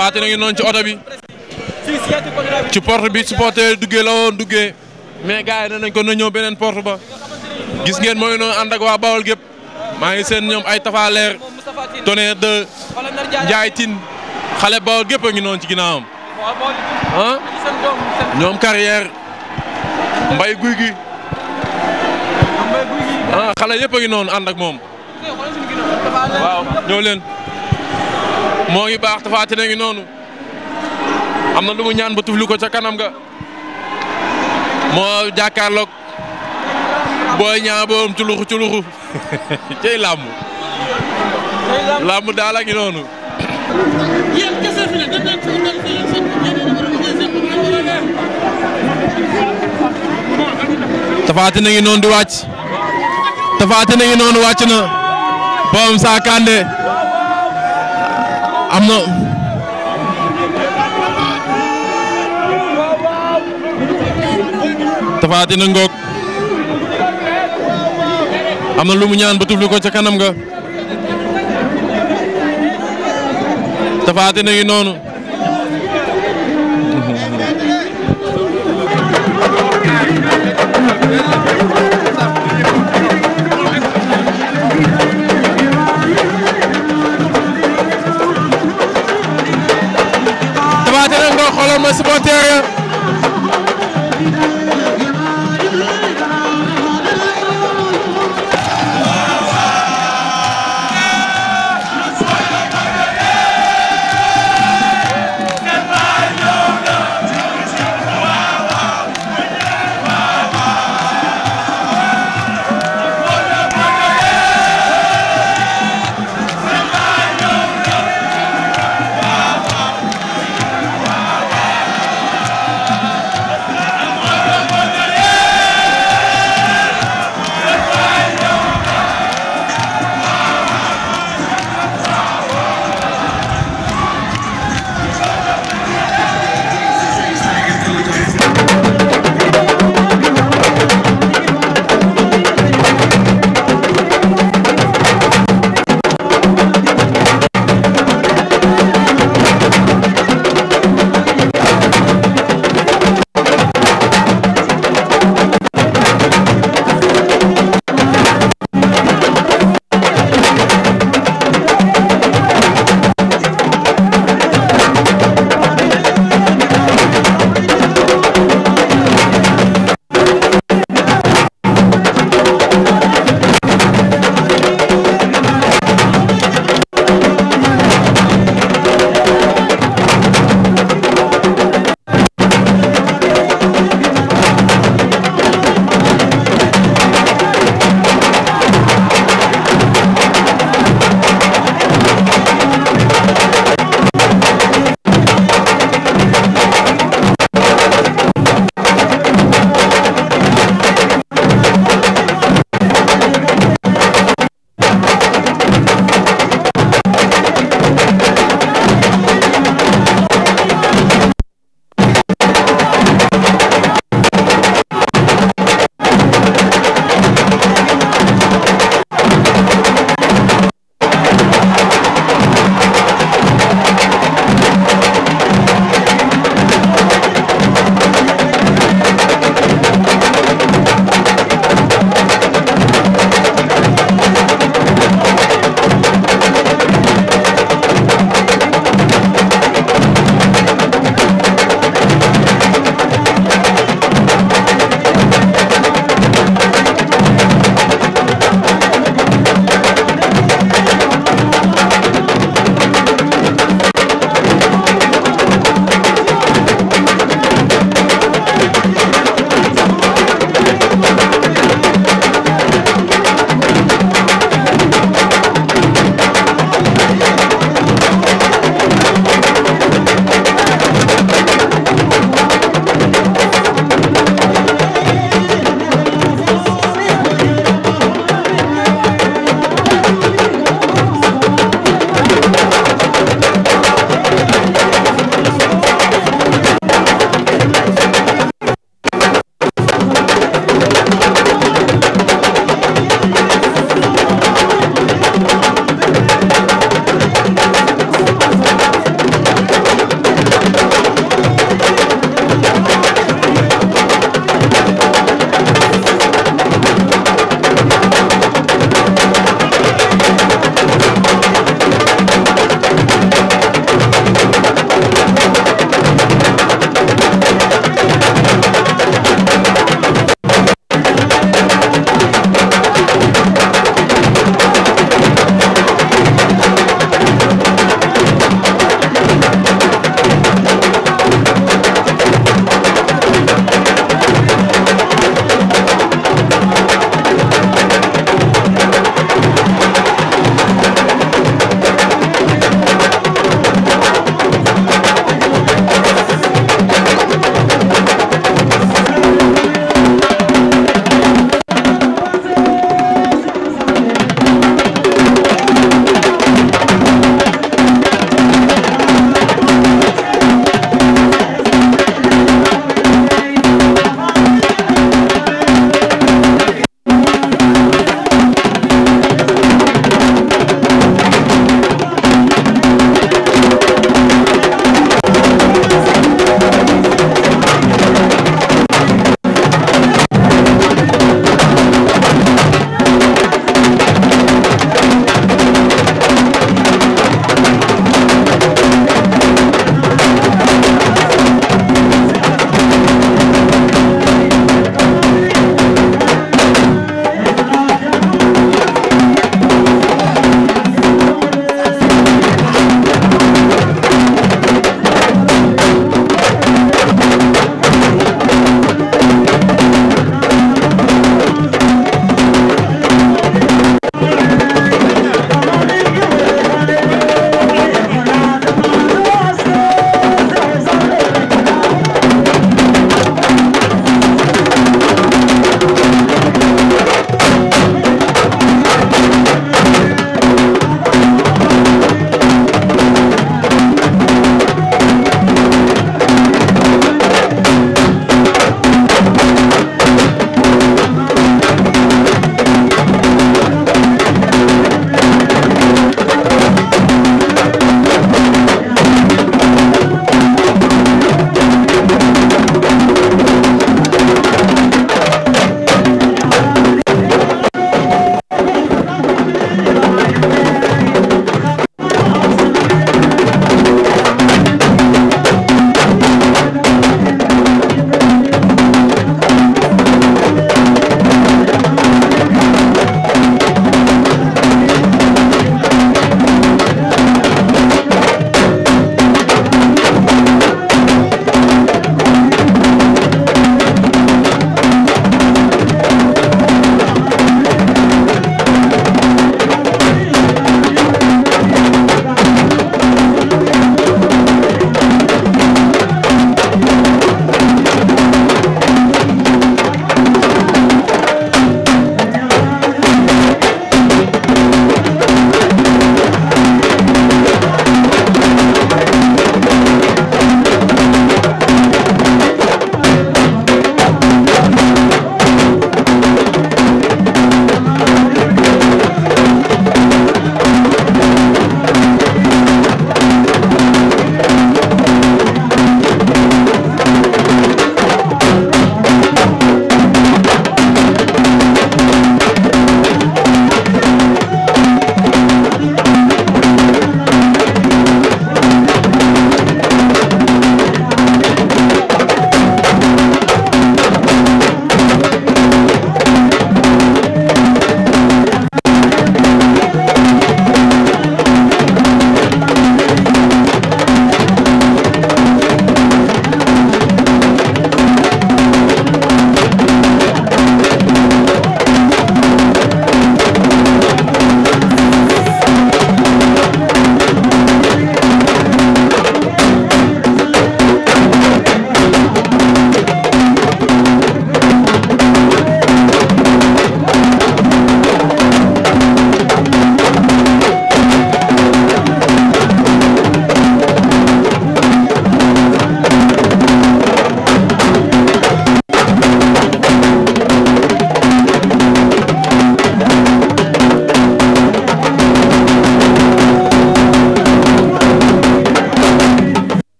Tapha Tine ngi noonu ci oto bi ci porte bi supporter duggee la woon duggee mais gars yi ne nañ ko na ñëw beneen porte ba gis ngeen mooy noonu ànd ak waa Bawol gépp maa ngi seen ñoom ay Tapha Leer Tonnerre 2 Ndiaye xale Bawol gépp a ngi noonu ci ginnaawam ah ñoom carrière mbay guy gi ah xale yëpp a ngi noonu ànd ak moom moo ngi baax Tapha Tine ngi noonu am na lu mu ñaan ba tufli ko ca kanam ga moo jàkkaarloog booy ñaa boom culuxu culuxu cey làmb làmb daal ngi noonu Tapha Tine a ngi noonu di wàcc Tapha ngi noonu wàcc na boom saa am na Tapha ngoog am na lu mu ñaan ba tufli ko ca kanam nga Tapha Tine noonu sama supporter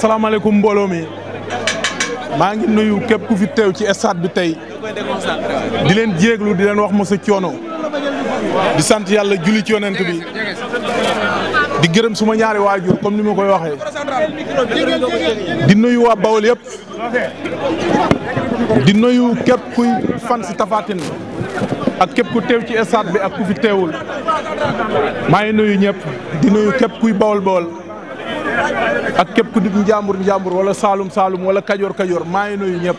asalaamaaleykum mbooloo mi maa ngi nuyu képp ku fi teew ci stade bi tey di leen jéeglu di leen wax mos a coono di sant yàlla julli ci yonent bi di gërëm suma ñaari waajur comme ni ma koy waxee di nuyu waa Bawol yëpp di nuyu képp kuy fan si Tapha Tine ak képp ku teew ci stade bi ak ku fi teewul maa ngi nuyu ñëpp di nuyu képp kuy Bawol Bawol. ak képp ku di njàmbur njàmbur wala saalum saalum wala kajoor kajoor maa ngi nuyu ñëpp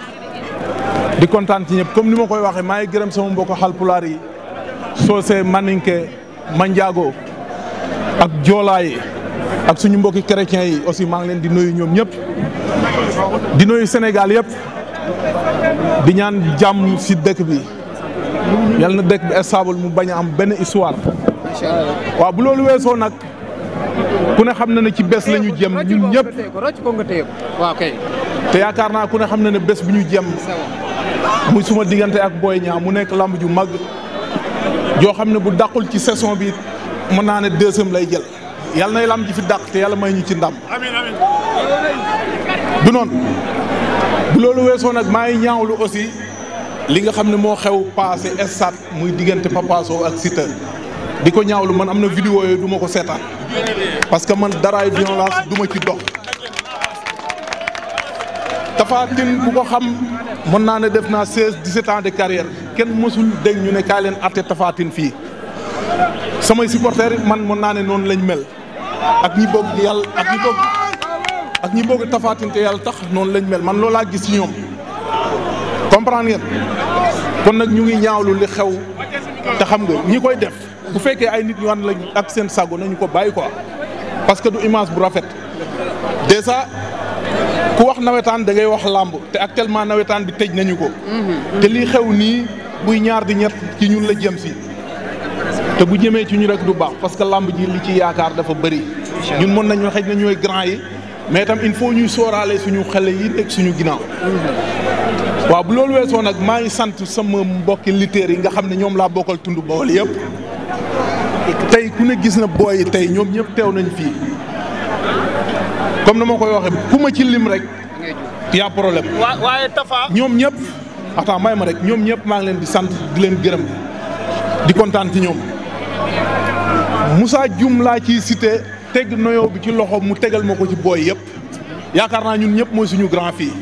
di kontaan ci ñëpp comme ni ma koy waxee maa ngi gërëm sama mbokk xalpulaar yi soose maninke manjaago ak joolaay ak suñu mbokki chrétiens yi aussi maa ngi leen di nuyu ñoom ñëpp di noyu senegal yëpp di ñaan jàmm si dëkk bi yal na dëkk bi stable mu bañ a am benn histoire waaw bu loolu weesoo ku ne xam na ne ci bés la ñu jëm ñun ñëpp waaw kay te yaakaar naa ku ne xam na ne bés bu ñu jëm muy suma diggante ak Boy Niang mu nekk lamb ju mag joo xam ne bu dàqul ci saison bi mën naa ne deuxième lay jël yàlla nay lamb ji fi dàq te yàlla may ñu ci ndam amiin amiin du noonu bu loolu weesoo nag maa ngi ñaawlu aussi li nga xam ne moo xew passé stade muy diggante Papa ak Siteu di ko ñaawlu man am na vidéo yooyu duma ko seetaan parce que man daraay violence du ma ci dox Tapha Tine ko xam mën naa ne def naa 16 17 ans de carrière kenn mësul dégg ñu ne kaa leen atte Tapha Tine fii samay supporters man mën naa ne noonu lañ mel ak ñi bokk yàlla ak ñi bokk ak ñi bokk te yàlla tax noonu lañ mel man loolaa gis ci ñoom comprendre ngeen kon nag ñu ngi ñaawlu li xew te xam nga ñi koy def bu fekkee ay nit ñu ànd ak seen sago nañu ko bàyyi quoi parce que du image bu rafet déjà ku wax nawetaan da ngay wax làmb te actuellement nawetaan bi tej nañu ko. te lii xew nii buy ñaar di ñett ci ñun la jëm si. te bu jëmee ci ñu rek du baax parce que làmb ji li ci yaakaar dafa bëri. ñun mën nañu xëj na ñooy grand yi mais tam il faut ñuy sooraale suñu xale yi nekk suñu ginnaaw. waaw bu loolu weesoo nag maa ngi sant sama mbokki lutteurs yi nga xam ne ñoom laa bokkal tund Bawol yëpp. tey ku ne gis na booy tey ñoom ñëpp teew nañ fii comme na ma koy waxee ku ma ci lim rek yaa problème. ñoom ñëpp attends may ma rek ñoom ñëpp maa ngi leen di sant di leen gërëm di kontaan ci ñoom Moussa Dioum laa ciy cité teg noyoo ci loxo mu tegal ma ko ci booy yëpp yaakaar naa ñun ñëpp mooy suñu grand fii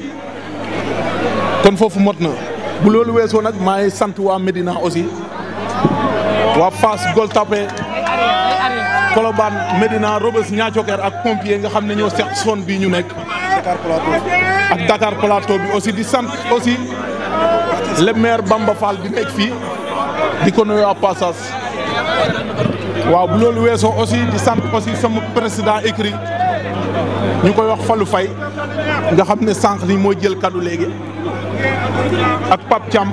kon foofu mot na bu loolu weesoo nag maay sant waa Medina aussi. waa Fass Gueule Tapée Colobane Médina Rebeuss Niacoker ak pompier nga xam ne ñoo seq zone bii ñu nekk. ak Dakar Plateau bi aussi di sant aussi le maire Bamba Fall di nekk fii di ko nuyoo à waaw bu loolu weesoo aussi di sant aussi sama président écrit ñu koy wax Fallou fay nga xam ne sànq li mooy jël kaddu léegi ak Pape Thiam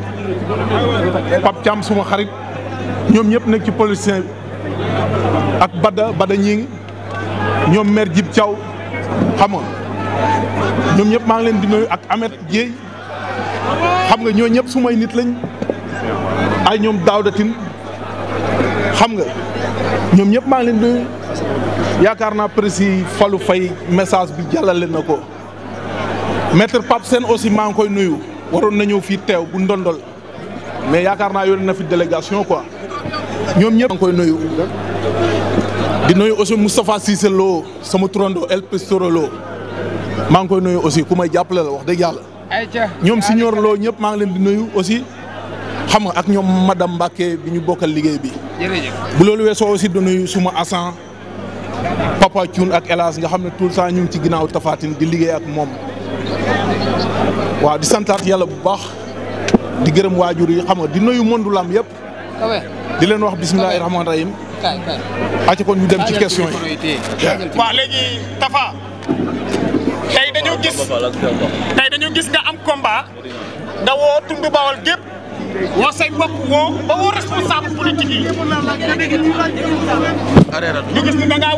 Pape Thiam suma xarit. ñoom ñëpp nekk ci politicien ak Bada Bada ñi ñoom maire Djib Thiaw xam nga ñoom ñëpp maa ngi leen di nuyu ak Amet Dieye xam nga ñoo ñëpp sumay nit lañ ay ñoom Daouda Tine xam nga ñoom ñëpp maa ngi leen di yaakaar naa précis falu fay message bi jàllale na ko maître Pape seen aussi maa ngi koy nuyu waroon na ñëw fii teew bu ndondol mais yaakaar naa yónnee na fi délégation quoi ñoom ñëpp nga koy nuyu. di nuyu aussi Moustapha Cissé loo sama turando El Pistoro Lo maa ngi koy nuyu aussi ku may jàppale la wax dëgg yàlla. ñoom siñoor Lo ñëpp maa ngi leen di nuyu aussi. xam nga ak ñoom madam Mbacke bi ñu bokkal liggéey bi. bu loolu weesoo aussi di nuyu suma asan papa Thioune ak Elas nga xam ne tout le temps ñu ngi ci ginnaaw Tapha Tine di liggéey ak moom. waaw di santaat yàlla bu baax. di gërëm waajur yi xam nga di nuyu monde lamb yëpp. di leen wax bismillahi rahmaani rahim. kay acca kon ñu dem ci question yi. waaw léegi Tafa. tey dañu gis tey dañu gis nga am combat. nga woo tundu bawal gépp woo say mbokk woo ba woo responsable politique yi. ñu gis ni da ngaa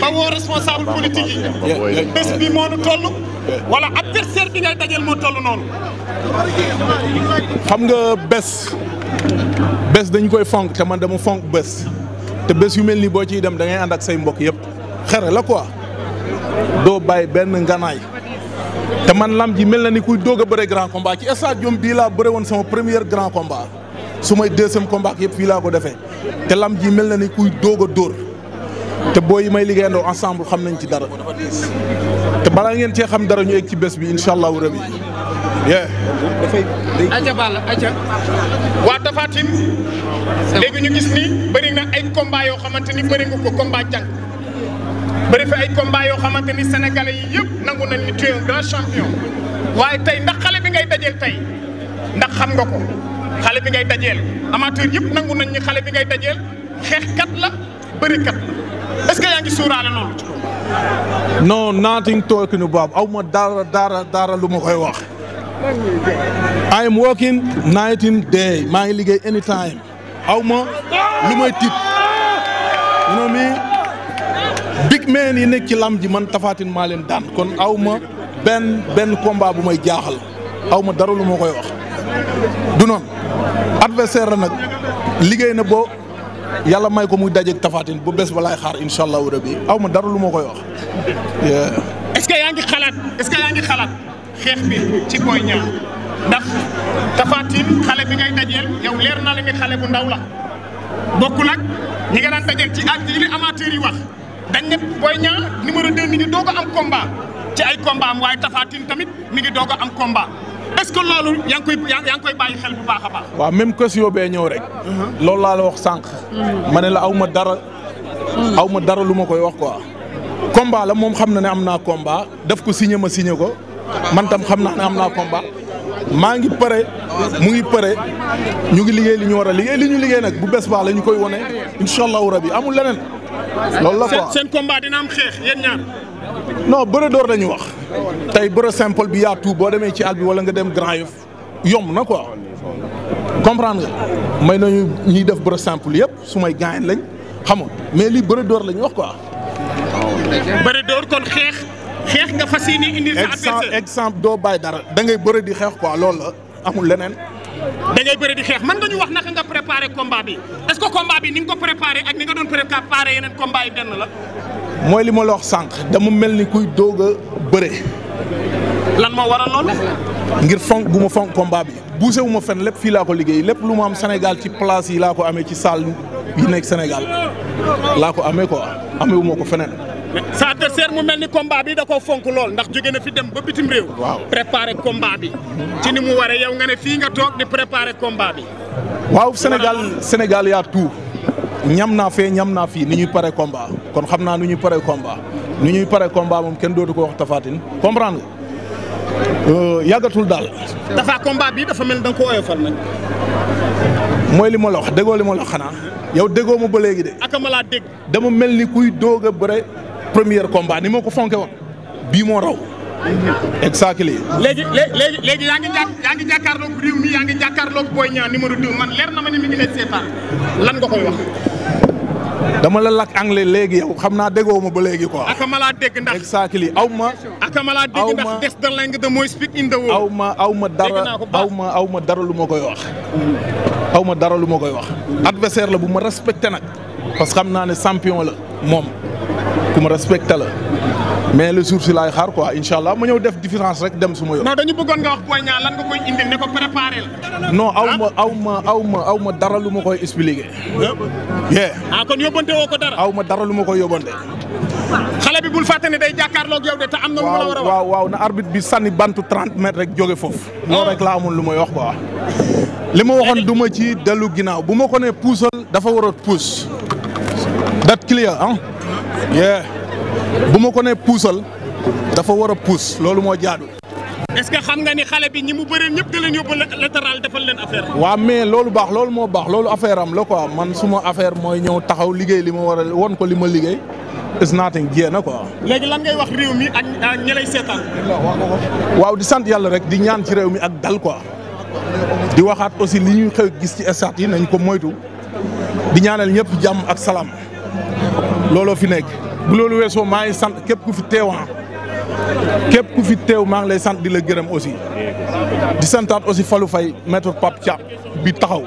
ba woo responsable politique yi. bés moo nu toll. wala adversaire bi ngay dajeel moo toll noonu. xam nga bés bés dañ koy fonk te man dama fonk bés te bés yu mel nii boo ciy dem dangay ngay ànd ak say mbokk yëpp xere la quoi doo bàyyi benn nganaay te man lam ji mel na ni kuy doog a bëre grand combat ci stade bii laa bëre woon sama premier grand combat su may deuxième combat ak yëpp fii laa ko defee te lam ji mel na ni kuy doog a dóor te boo yi may liggéeyandoo ensemble xam nañ ci dara te balaa ngeen cee xam dara ñu egg ci bés bi incha allahu rabi yee. dafay day. ayca waa Tapha Tine. léegi ñu gis ni bëri na ay combat yoo xamante ni bëri nga ko combat jàng. bëri fi ay combat yoo xamante ni sénégalais yi yëpp nangu nañ ni tu es champion. waaye tey ndax xale bi ngay dajeel tey ndax xam nga ko xale bi ngay dajeel amateur yëpp nangu nañ ni xale bi ngay dajeel xeexkat la bërikat la. est-ce que yaa ngi suuraale loolu. non nothing talking about aw ma dara dara dara lu ma koy wax. I am working night day maa ngi liggéey anytime aw ma lu may tiit you know big man yi nekk ci lam ji man tafaatin maa leen daan kon aw ma benn benn combat bu may jaaxal aw ma dara lu ma koy wax du noonu adversaire la nag liggéey na boo yàlla may ko muy dajeeg tafaatin bu bés ba laay xaar incha rabi aw ma lu ma koy wax. est-ce que yaa xalaat. xeex bi ci Boy Niang ndax Tapha xale bi ngay dajeel yow leer na la xale bu ndaw la bokkul ak ñi nga daan dajeel ci ak li amateur yi wax dañ ne Boy Niang numéro 2 mi ngi doog am combat ci ay combat waaye Tapha tamit mi ngi doog a am combat est-ce que loolu yaa koy yaa ngi xel bu baax a baax. waaw même question ñëw rek. Uh-huh. loolu wax sànq. ma ne la aw ma dara. Hmm. aw ma dara lu ma koy wax quoi. combat la moom xam na ne am naa combat daf ko signé ma signé ko. man tam xam na ne am naa combat maa ngi pare mu ngi pare ñu ngi liggéey li ñu war a liggéey li ñu liggéey nag bu bes baax la ñu koy wone incha allahu rabi amul leneen. loolu la quoi seen combat dina am xeex yéen ñaar. non bëre door dañu wax tey bëre simple bi yaa tout boo demee ci àll bi wala nga dem Grand Yoff yomb na ko comprendre nga may nañu ñuy def bëre simple yëpp su may gaañ lañ xamoon mais lii door la wax ko bëre kon xeex. xeex nga fas yéene indi sa adversaire exemple doo bàyyi dara da ngay bëre di xeex quoi loolu la amul leneen. da ngay bëre di xeex mën nga ñu wax naka nga préparé combat bi est-ce ni nga doon préparé yeneen combat la. mooy li ma la wax sànq dama mel ni kuy doog a bëre. lan moo waral loolu. ma fonk combat bi bousee wu ma fenn lépp fii laa ko liggéey lépp lu ma am Sénégal ci place yi laa ko amee ci salle yi nekk Sénégal laa ko ame quoi amee ko feneen. sa adversaire mu mel ni combat bi da koo fonk lool ndax jóge na fi dem ba bitim réew. waaw préparer combat ci ni mu waree yow nga ne fii nga toog di préparer combat waaw Sénégal Sénégal tu tout ñam naa fee ñam naa fii ni ñuy pare combat kon xam naa nu ñuy pare combat nu ñuy pare combat moom kenn dootu ko wax tafaatin comprendre nga euh, yàggatul daal. dafa combat bi dafa mel da ko oyofal nag. mooy li ma la wax déggoo li ma la xanaa yow déggoo ma ba léegi de. ak ma laa dégg. mel ni kuy doog première combat ni ko fonke woon bii moo raw. exactly. léegi yaa ngi jà yaa ngi jàkkaarloog réew mi yaa ngi jàkkaarloog Boy Niang numéro 2 man leer na ma ni mi ngi seetaan lan nga koy wax. dama la lak anglais léegi yow xam naa déggoo ma ba léegi quoi. ak ma laa dégg ndax exactly aw ma. ak ma laa dégg ndax des the language the most speak in aw ma aw ma dara aw ma dara lu ma koy wax. aw ma dara lu ma koy wax. adversaire la bu ma respecté nag. parce que xam naa ne champion la moom. ku ma la mais le jour si laay xaar quoi incha allah ma ñëw def différence rek dem su ma yoon. non dañu bëggoon nga wax Boy Niang lan nga koy indi ne ko préparé la. non aw ma aw ma aw ma dara lu ma koy expliqué. yee. ah kon yóbbante ko dara. aw ma dara lu ma koy yóbbante. xale bi bul fàtte ne day jàkkaarloo yow de te am na lu ma la wax waaw waaw na arbitre bi sànni bantu 30 rek jóge foofu. loolu rek laa amoon lu may wax quoi. li ma waxoon du ma ci dellu ginnaaw bu ma ko nee puusal dafa war a puus. dat clear ah. bu ma ko ne puusal dafa war a puus loolu moo jaadu. est-ce que xam nga ni xale bi ñi mu bëreel ñëpp da leen yóbbu latéral defal leen affaire. waaw mais loolu baax loolu moo baax loolu affaire am la quoi man suma affaire mooy ñëw taxaw liggéey li ma war a won ko li ma liggéey. is nothing jéem na quoi. léegi lan ngay wax réew mi ak ñi lay seetaan. waaw di sant yàlla rek di ñaan ci réew mi ak dal quoi. di waxaat aussi li ñuy xew gis ci stade yi nañ ko moytu. di ñaanal ñëpp jàmm ak salaam. looloo fi nekk bu loolu weesoo maa yi sant képp ku fi teew ah. képp ku fi teew maa ngi lay sant di la gërëm aussi di santaat aussi Fallou fay maître Pape bi taxaw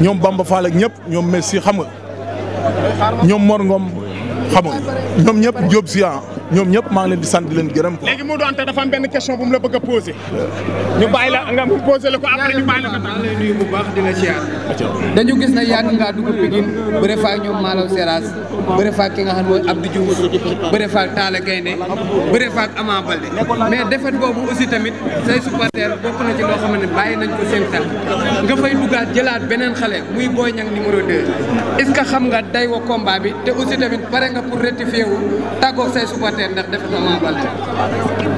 ñoom Bamba Fall ak ñëpp ñoom Messi xam nga ñoom Mor Ngom xam nga ñoom ñëpp Diop Sia ñoom ñëpp maa leen di sant di leen gërëm. léegi Modou Anta dafa am question bu mu la bëgg a posé. ñu bàyyi la nga mu posé la ko après ñu la ko. maa dañu gis na yàgg ngaa dugg Pikine bëre fa ñoom Malaw Seras bëre fa ki nga xam mooy Gaynde bëre fa ak boobu aussi tamit say supporters bokk na ci loo xam ne bàyyi nañ ko seen xel nga fay duggaat jëlaat beneen xale muy Boy Niang numéro 2 est-ce que xam nga day wa combat bi te aussi tamit pare nga pour rectifier wu tàggoog say supporters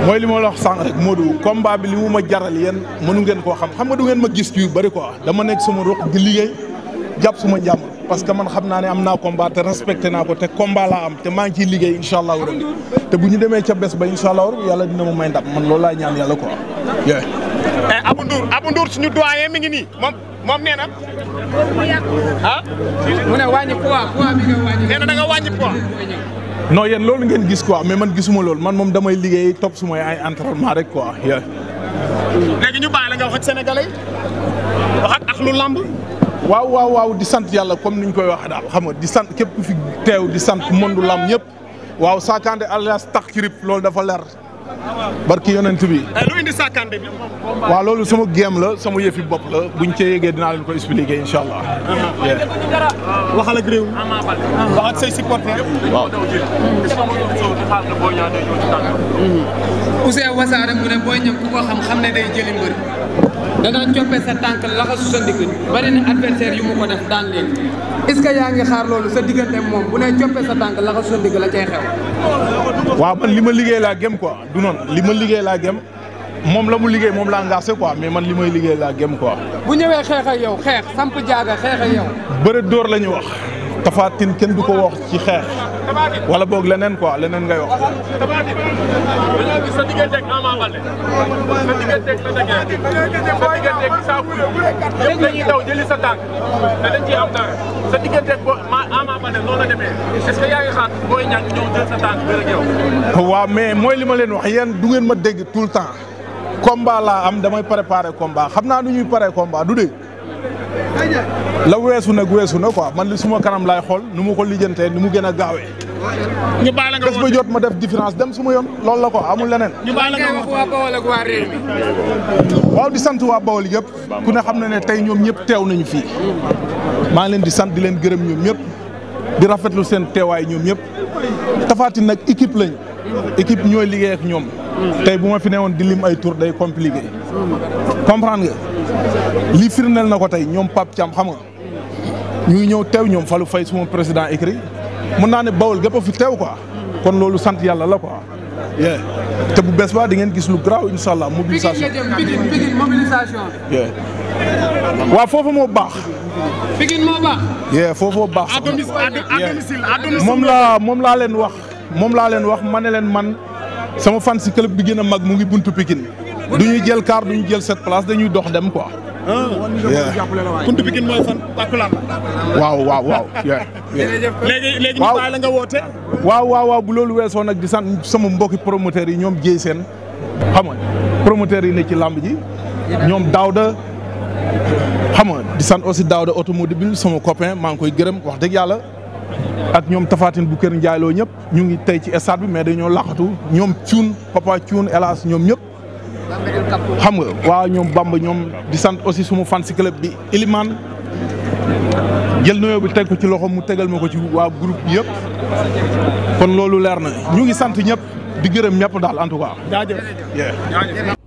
mooy li ma la wax sànq moo du combat bi li mu ma jaral yéen mënu ngeen koo xam xam nga du ngeen ma gis yu bëri quoi dama nekk sama roq di liggéey jàpp suma njàmm parce que man xam naa ne am naa combat te respecté naa ko te combat laa am te maa ngi liggéey incha allahu rabbi te bu ñu demee ca bés ba incha allahu rabbi yàlla dina ma may ndam man loolu laa yalla yàlla quoi. yooyu. Eh, Abou Ndour Abou Ndour mi ngi nii moom moom ah. mu ne wàññi poids non yéen loolu ngeen gis quoi mais man gisuma loolu man moom damay liggéey topp su may ay entraînement rek quoi. léegi ñu bàyyi la nga wax ak sénégalais wax ak lu lamb. waaw waaw waaw di sant yàlla comme niñ koy waxee daal xam nga di sant képp fi teew di sant mëndu lamb ñëpp waaw Sa Kandé alias Tax Kirip loolu dafa leer. barki yonent bi. Euh, lu indi sàkkande bi. waaw loolu sama géem la sama yëfi bopp la buñ cee yëgee dinaa leen ko expliquer incha allah. waxal ak réew wax ak say supporters. waaw. Ousseyn Wassare mu ne booy ñëw ku ko xam xam ne day jëli mbër. danaa coppe sa tànk laxasu sa ndigg bari na adversaire yu mu ko def daan leen est ce que yaa ngi xaar loolu sa diggante moom bu ne coppe sa tànk laxasu sa ndigg la cay xew. waaw man li ma liggéey laa gem ko du noon li ma liggéey laa gëm moom la mu liggéey moom la engagé quoi mais man li may liggéey laa gëm ko bu ñëwee xeex ak yow xeex samp jaaga xeex ak yow. bëre dóor la ñu wax. Tapha Tine kenn du ko wax ci xeex wala boog leneen ko leneen ngay wax. sa diggante ak Ama Baldé noonu la demee est-ce booy ñàkk ñëw jël sa tànk bi rek yow. waaw mais mooy li ma leen wax yéen du ngeen ma dégg tout le temps combat laa am damay préparer combat xam naa nu ñuy paree combat du dégg. la weesu nag weesu na ko man li suma kanam laay xool nu mu ko lijjantee nu mu gën a gaawee. ñu baal la nga bés ba jot ma def différence dem suma yoon loolu la ko amul leneen. ñu baal waaw di sant waa Bawol yëpp. ku ne xam na ne tey ñoom ñëpp teew nañu fii. maa ngi leen di sant di leen gërëm ñoom ñëpp. di rafetlu seen teewaay ñoom ñëpp. tafaati nag équipe lañ équipe ñooy liggéey ak ñoom. tey bu ma fi woon di lim ay tour day compliqué. comprendre nga li firndeel na ko tey ñoom Pape Thiam xam nga ñu ngi ñëw teew ñoom Fallou fay suma président écrit mun naa ne Bawol gépp a fi teew quoi kon loolu sant yàlla la quoi te bu bees ba di ngeen gis lu garaaw incha allah mobilisation mobilisation waaw foofu moo baax. foofu moo baax. à moom laa leen wax moom laa leen wax ma ne leen man sama fan si club bi gën a mag mu ngi buntu Pikine du ñu jël car du ñu jël sept place dañuy dox dem ko ah. waaw waaw waaw. la nga woote. waaw waaw waaw bu loolu weesoo nag di sant sama mbokki promoteurs yi ñoom jéey seen xam nga yi ne ci làmb ji ñoom Daouda xam nga di sant aussi Daouda automobile sama copain maa ngi koy gërëm wax dëgg yàlla. ak ñoom Tafatine bu kër Ndiayloo ñëpp ñu ngi tey ci stade bi mais dañoo laqatu ñoom Thioune Papa Thioune hélas ñoom ñëpp. xam nga waaw ñoom Bamba ñoom di sant aussi suma fan si club bi Ilimane jël nuyoo bi teg ko ci loxo mu tegal ma ko ci waa group yëpp kon loolu leer na ñu ngi sant ñëpp di gërëm ñëpp daal en tout cas.